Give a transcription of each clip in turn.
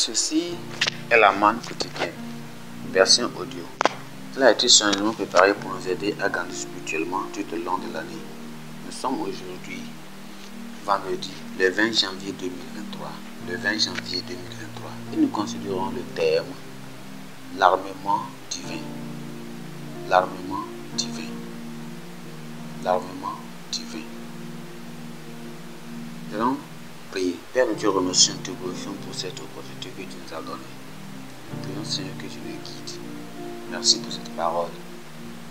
Ceci est la manne quotidienne, version audio. Cela a été soigneusement préparé pour nous aider à grandir spirituellement tout au long de l'année. Nous sommes aujourd'hui, vendredi, le 20 janvier 2023. Le 20 janvier 2023. Et nous considérons le thème l'armement divin. L'armement divin. L'armement divin. Père nous Dieu, remercions te glorifions pour cette opportunité que tu nous as donnée. Prions Seigneur que tu nous guides. Merci pour cette parole.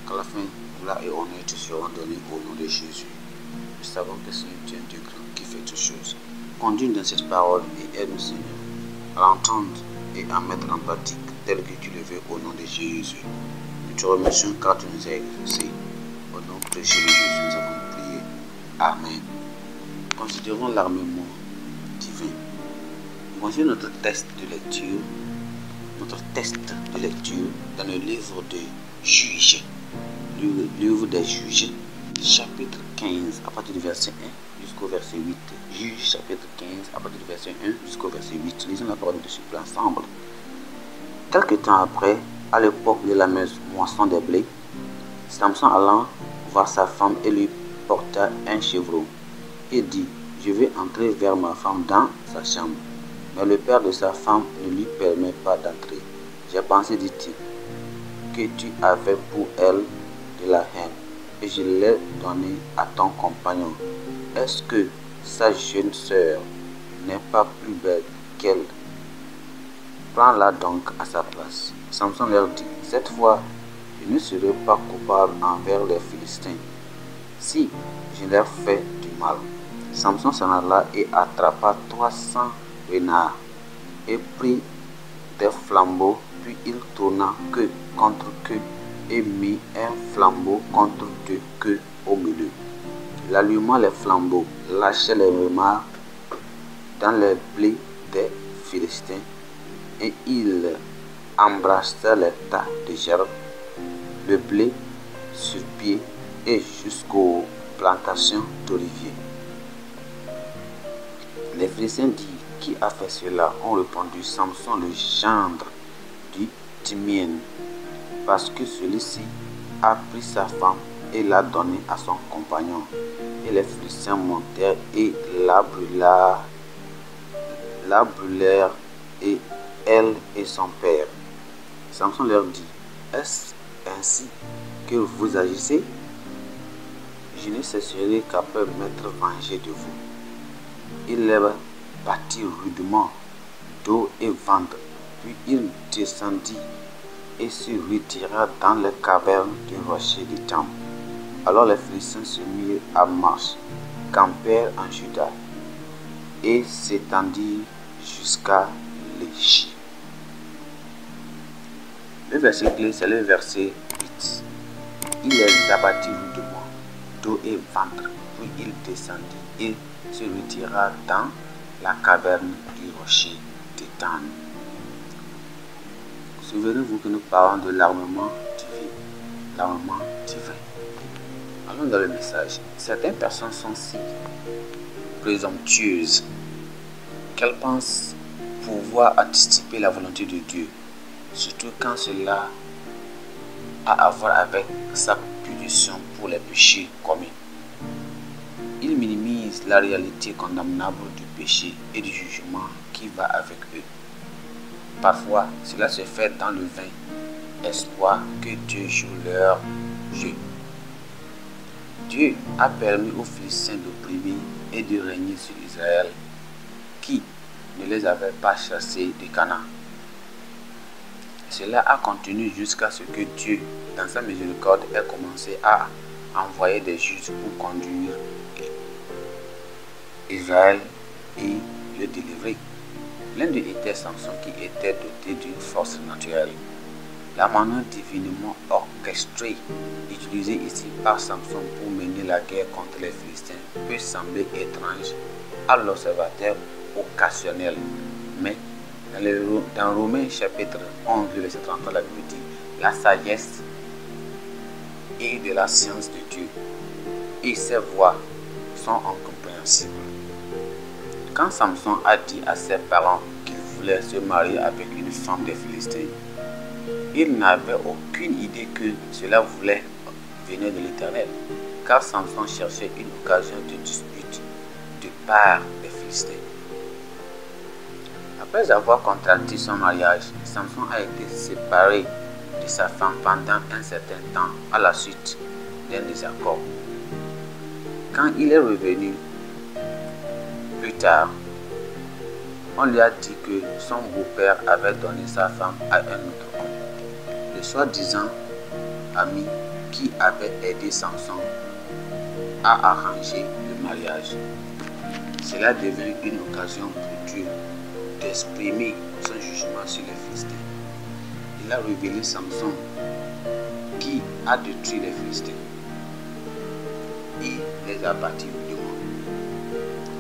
Qu'à la fin, là et te seront donnés au nom de Jésus. Nous savons que c'est tu un Dieu grand qui fait toutes choses. conduis dans cette parole et aide Seigneur, à l'entendre et à mettre en pratique tel que tu le veux au nom de Jésus. Nous te remercions car tu nous as exaucés. Au nom de Jésus, nous avons prié. Amen. Considérons l'armement divin. Voici notre test de lecture, notre test de lecture dans le livre de Juges, le livre des Juges, chapitre 15, à partir du verset 1 jusqu'au verset 8. Juges, chapitre 15, à partir du verset 1 jusqu'au verset 8. Lisons la parole de ce ensemble. quelques temps après, à l'époque de la meuse moisson des blés, Samson allant voir sa femme et lui porta un chevreau et dit je vais entrer vers ma femme dans sa chambre. Mais le père de sa femme ne lui permet pas d'entrer. J'ai pensé, dit-il, que tu avais pour elle de la haine et je l'ai donnée à ton compagnon. Est-ce que sa jeune sœur n'est pas plus belle qu'elle Prends-la donc à sa place. Samson leur dit, cette fois, je ne serai pas coupable envers les Philistins si je leur fais du mal. Samson s'en alla et attrapa 300 renards et prit des flambeaux, puis il tourna queue contre queue et mit un flambeau contre deux queues au milieu. Il les flambeaux, lâcha les renards dans les blés des Philistins et il embrassa les tas de gerbes, le blé sur pied et jusqu'aux plantations d'oliviers. Les frissins disent Qui a fait cela ont répondu Samson, le gendre du Timien, parce que celui-ci a pris sa femme et l'a donnée à son compagnon. Et les Philistins montèrent et la brûlèrent, et elle et son père. Samson leur dit, est-ce ainsi que vous agissez Je ne cesserai peur m'être vengé de vous. Il leva battit rudement dos et ventre, puis il descendit et se retira dans les caverne du rocher du temple. Alors les Philistins se mirent à marche, campèrent en judas, et s'étendirent jusqu'à l'Égypte. Le verset clé, c'est le verset 8. Il les abattit rudement, dos et ventre, il descendit et se retira dans la caverne du rocher d'Étan. Souvenez-vous que nous parlons de l'armement divin. L'armement divin. Allons dans le message. Certaines personnes sont si présomptueuses qu'elles pensent pouvoir anticiper la volonté de Dieu, surtout quand cela a à voir avec sa punition pour les péchés commis. Ils minimisent la réalité condamnable du péché et du jugement qui va avec eux. Parfois, cela se fait dans le vain espoir que Dieu joue leur jeu. Dieu a permis aux fils saints d'opprimer et de régner sur Israël, qui ne les avait pas chassés de Canaan. Cela a continué jusqu'à ce que Dieu, dans sa miséricorde, ait commencé à envoyer des juges pour conduire Israël et le délivrer. L'un d'eux était Samson qui était doté d'une force naturelle. La manière divinement orchestrée utilisée ici par Samson pour mener la guerre contre les Philistins peut sembler étrange à l'observateur occasionnel, mais dans, le Romains chapitre 11, verset 30, la Bible dit La sagesse et de la science de Dieu et ses voix sont incompréhensibles. Quand Samson a dit à ses parents qu'il voulait se marier avec une femme des Philistins, il n'avait aucune idée que cela voulait venir de l'Éternel, car Samson cherchait une occasion de dispute de part des Philistins. Après avoir contracté son mariage, Samson a été séparé de sa femme pendant un certain temps à la suite d'un désaccord. Quand il est revenu plus tard, on lui a dit que son beau-père avait donné sa femme à un autre homme, le soi-disant ami qui avait aidé Samson à arranger le mariage. Cela devint une occasion pour Dieu d'exprimer son jugement sur les Philistins. Il a révélé Samson qui a détruit les Philistins les du monde.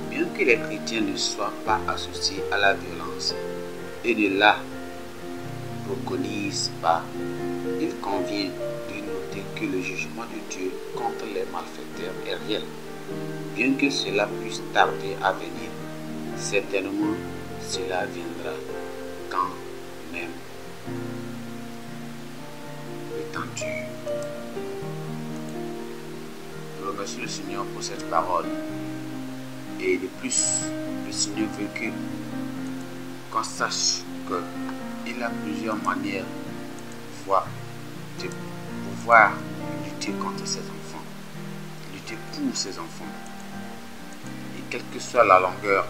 Bien que les chrétiens ne soient pas associés à la violence et ne la reconnaissent pas, il convient de noter que le jugement de Dieu contre les malfaiteurs est réel. Bien que cela puisse tarder à venir, certainement cela viendra quand le Seigneur pour cette parole. Et de plus, le Seigneur veut que qu'on sache qu'il a plusieurs manières de pouvoir lutter contre ses enfants, lutter pour ses enfants. Et quelle que soit la longueur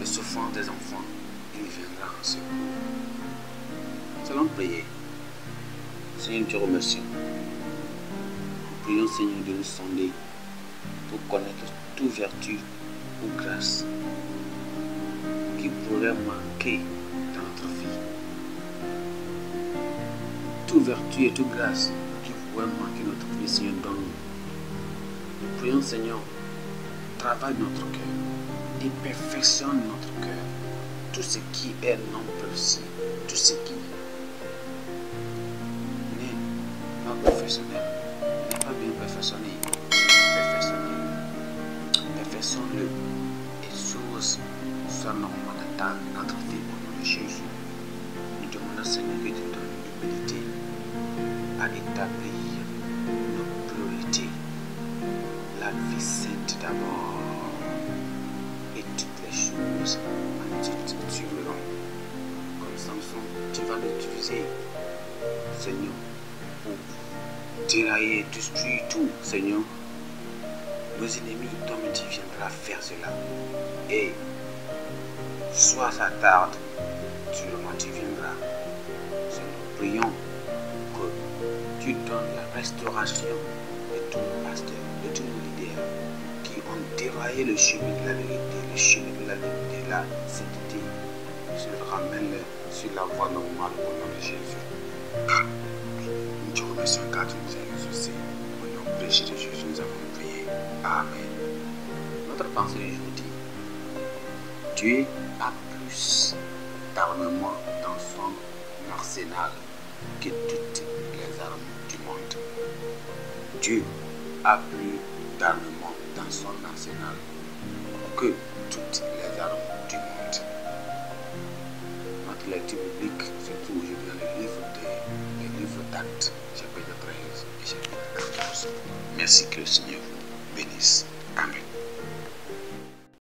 de souffrance des enfants, il viendra en secours. Nous allons prier. Seigneur, te remercie prions Seigneur de nous sonder pour connaître toute vertu ou grâce qui pourrait manquer dans notre vie. Toute vertu et toute grâce qui pourrait manquer dans notre vie, Seigneur, dans nous. Nous prions Seigneur, travaille notre cœur et perfectionne notre cœur. Tout ce qui est non perçu, tout ce qui n'est pas professionnel perfectionner, perfectionner, perfectionne-le et source son nombre de temps d'entrée au nom de Jésus. Nous demandons Seigneur que tu donnes l'humilité à établir nos priorités, la vie sainte d'abord et toutes les choses en rends Comme Samson, tu vas l'utiliser, Seigneur, pour dérailler, détruire tout, Seigneur. Nos ennemis, toi tu viendras faire cela. Et soit ça tarde, tu le viendras. nous prions que tu donnes la restauration de tous nos pasteurs, de tous nos leaders qui ont déraillé le chemin de la vérité, le chemin de la vérité, la sainteté. Je le ramène sur la voie normale au nom de Jésus. 4 nous Au nom de Jésus, nous avons prié. Amen. Notre pensée du dit Dieu a plus d'armement dans son arsenal que toutes les armes du monde. Dieu a plus d'armement dans son arsenal que toutes les armes du monde. Notre lecture biblique se trouve aujourd'hui dans livre livre d'actes. Merci que le Seigneur vous bénisse. Amen.